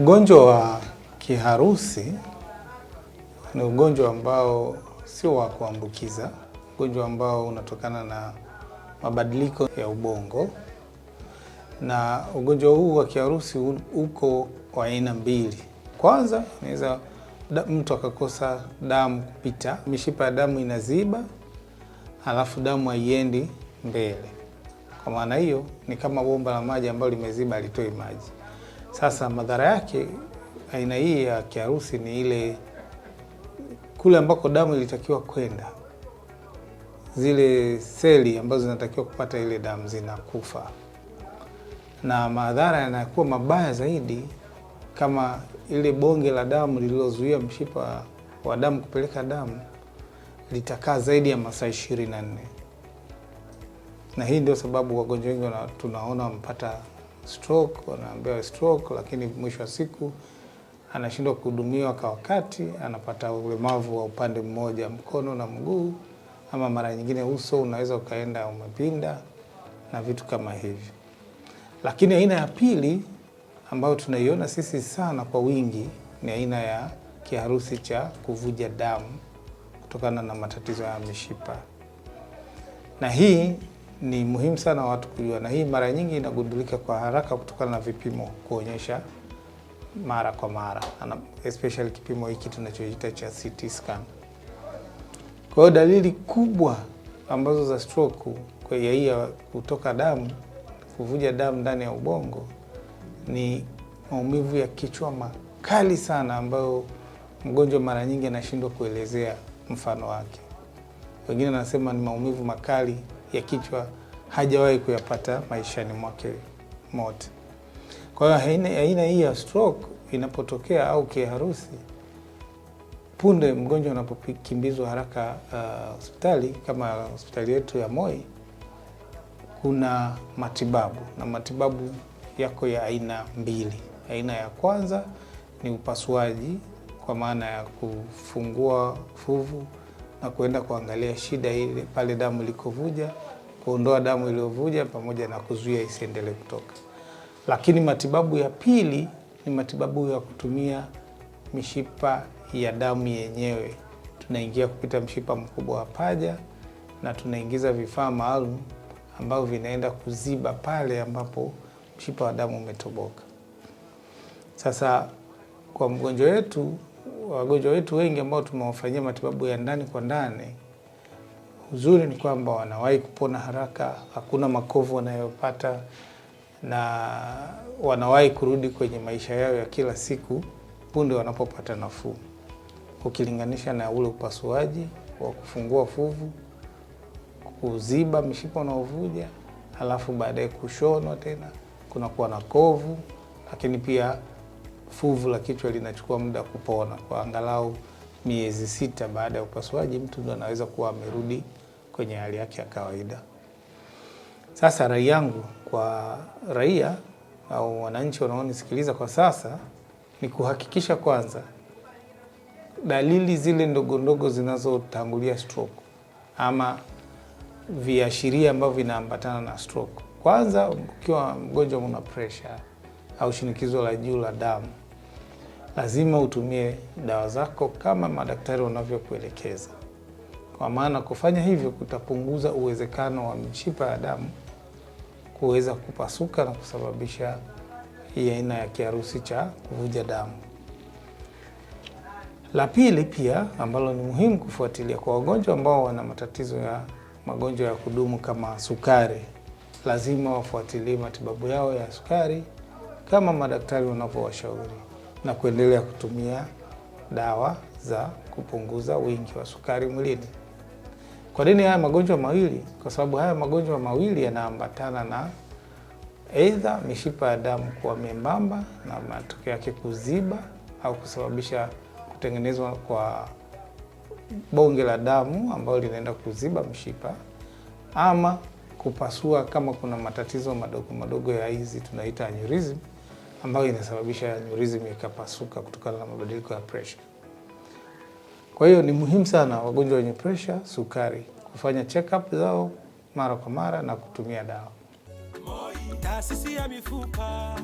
Ugonjwa wa kiharusi ni ugonjwa ambao sio wa kuambukiza, ugonjwa ambao unatokana na mabadiliko ya ubongo, na ugonjwa huu wa kiharusi uko wa aina mbili. Kwanza inaweza mtu akakosa damu kupita, mishipa ya damu inaziba, halafu damu haiendi mbele. Kwa maana hiyo, ni kama bomba la maji ambalo limeziba, alitoi maji. Sasa madhara yake aina hii ya kiharusi ni ile kule ambako damu ilitakiwa kwenda, zile seli ambazo zinatakiwa kupata ile damu zinakufa, na madhara yanakuwa mabaya zaidi kama ile bonge la damu lililozuia mshipa wa damu kupeleka damu litakaa zaidi ya masaa ishirini na nne na hii ndio sababu wagonjwa wengi tunaona wamepata stroke, wanaambiwa stroke, lakini mwisho wa siku anashindwa kuhudumiwa kwa wakati, anapata ulemavu wa upande mmoja, mkono na mguu, ama mara nyingine uso unaweza ukaenda umepinda na vitu kama hivi. Lakini aina ya pili ambayo tunaiona sisi sana kwa wingi ni aina ya kiharusi cha kuvuja damu kutokana na matatizo ya mishipa na hii ni muhimu sana watu kujua, na hii mara nyingi inagundulika kwa haraka kutokana na vipimo kuonyesha mara kwa mara, especially kipimo hiki tunachoita cha CT scan. Kwa hiyo dalili kubwa ambazo za stroke kwa hii kutoka damu, kuvuja damu ndani ya ubongo ni maumivu ya kichwa makali sana, ambayo mgonjwa mara nyingi anashindwa kuelezea mfano wake. Wengine anasema ni maumivu makali ya kichwa hajawahi kuyapata maishani mwake mote. Kwa hiyo aina hii ya stroke inapotokea au kiharusi, punde mgonjwa unapokimbizwa haraka uh, hospitali uh, kama hospitali yetu ya Moi, kuna matibabu na matibabu yako ya aina mbili. Aina ya kwanza ni upasuaji, kwa maana ya kufungua fuvu na kuenda kuangalia shida ile pale damu likovuja, kuondoa damu iliyovuja pamoja na kuzuia isiendelee kutoka. Lakini matibabu ya pili ni matibabu ya kutumia mishipa ya damu yenyewe. Tunaingia kupita mshipa mkubwa wa paja na tunaingiza vifaa maalum ambavyo vinaenda kuziba pale ambapo mshipa wa damu umetoboka. Sasa kwa mgonjwa wetu wagonjwa wetu wengi ambao tumewafanyia matibabu ya ndani kwa ndani, uzuri ni kwamba wanawahi kupona haraka, hakuna makovu wanayopata na wanawahi kurudi kwenye maisha yao ya kila siku punde wanapopata nafuu, ukilinganisha na ule upasuaji wa kufungua fuvu, kuziba mishipa unaovuja, halafu baadaye kushonwa tena, kunakuwa na kovu, lakini pia fuvu la kichwa linachukua muda kupona kwa angalau miezi sita baada ya upasuaji, mtu ndo anaweza kuwa amerudi kwenye hali yake ya kawaida. Sasa rai yangu kwa raia au wananchi wanaonisikiliza kwa sasa ni kuhakikisha kwanza dalili zile ndogo ndogo zinazotangulia stroke ama viashiria ambavyo vinaambatana na stroke, kwanza ukiwa mgonjwa una pressure au shinikizo la juu la damu, lazima utumie dawa zako kama madaktari wanavyokuelekeza, kwa maana kufanya hivyo kutapunguza uwezekano wa mishipa ya damu kuweza kupasuka na kusababisha hii aina ya kiharusi cha kuvuja damu. La pili pia ambalo ni muhimu kufuatilia kwa wagonjwa ambao wana matatizo ya magonjwa ya kudumu kama sukari, lazima wafuatilie matibabu yao ya sukari kama madaktari wanavyowashauri na kuendelea kutumia dawa za kupunguza wingi wa sukari mwilini. Kwa nini haya magonjwa mawili? Kwa sababu haya magonjwa mawili yanaambatana na aidha mishipa ya damu kuwa membamba na matokeo yake kuziba au kusababisha kutengenezwa kwa bonge la damu ambalo linaenda kuziba mshipa, ama kupasua kama kuna matatizo madogo madogo ya hizi tunaita aneurysm ambayo inasababisha nyurizim ikapasuka kutokana na mabadiliko ya presha. Kwa hiyo ni muhimu sana wagonjwa wenye presha, sukari kufanya check up zao mara kwa mara na kutumia dawa. Taasisi ya mifupa.